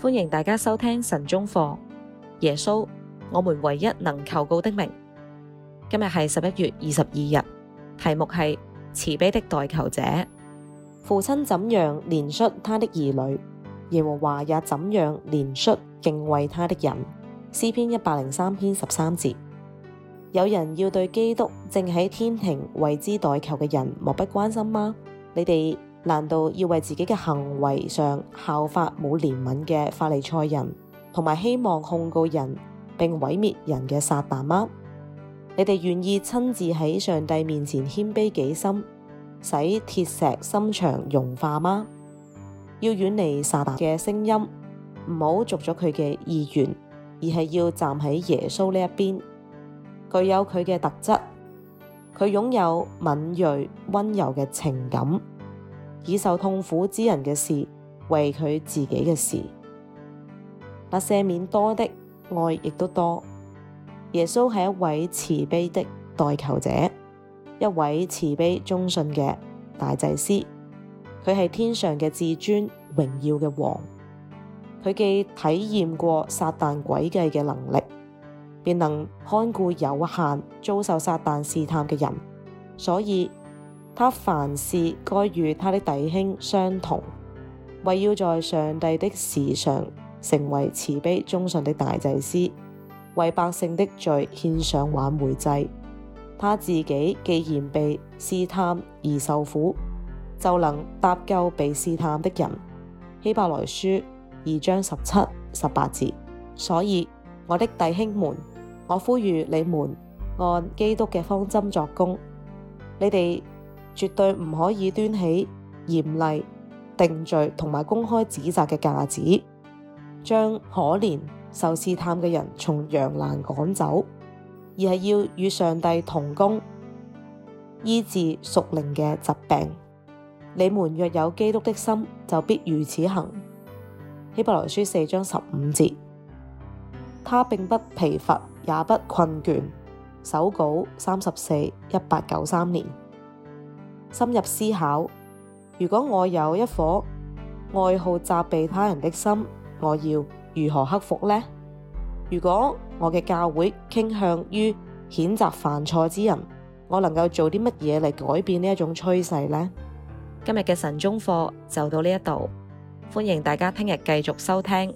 歡迎大家收聽晨鐘課，耶穌，我們唯一能求告的名。今日係十一月二十二日，題目係慈悲的代求者。父親怎樣憐恤他的兒女，耶和華也怎樣憐恤敬畏他的人。詩篇一百零三篇十三節。有人要對基督正喺天庭為之代求嘅人漠不關心嗎？你哋？難道要為自己嘅行為上效法冇憐憫嘅法利賽人，同埋希望控告人並毀滅人嘅撒旦嗎？你哋願意親自喺上帝面前謙卑己心，使鐵石心腸融化嗎？要遠離撒旦嘅聲音，唔好逐咗佢嘅意願，而係要站喺耶穌呢一邊，具有佢嘅特質。佢擁有敏銳溫柔嘅情感。以受痛苦之人嘅事為佢自己嘅事，那赦免多的愛亦都多。耶穌係一位慈悲的代求者，一位慈悲忠信嘅大祭司。佢係天上嘅至尊榮耀嘅王，佢既體驗過撒旦詭計嘅能力，便能看顧有限遭受撒旦試探嘅人，所以。他凡事該與他的弟兄相同，為要在上帝的事上成為慈悲忠信的大祭司，為百姓的罪獻上挽回祭。他自己既然被試探而受苦，就能搭救被試探的人。希伯來書二章十七、十八節。所以我的弟兄們，我呼籲你們按基督嘅方針作工，你哋。絕對唔可以端起嚴厲定罪同埋公開指責嘅架子，將可憐受試探嘅人從羊欄趕走，而係要與上帝同工，醫治屬靈嘅疾病。你們若有基督的心，就必如此行。希伯來書四章十五節。他並不疲乏，也不困倦。手稿三十四，一八九三年。深入思考，如果我有一顆愛好責備他人的心，我要如何克服呢？如果我嘅教會傾向於譴責犯錯之人，我能夠做啲乜嘢嚟改變呢一種趨勢呢？今日嘅神中課就到呢一度，歡迎大家聽日繼續收聽。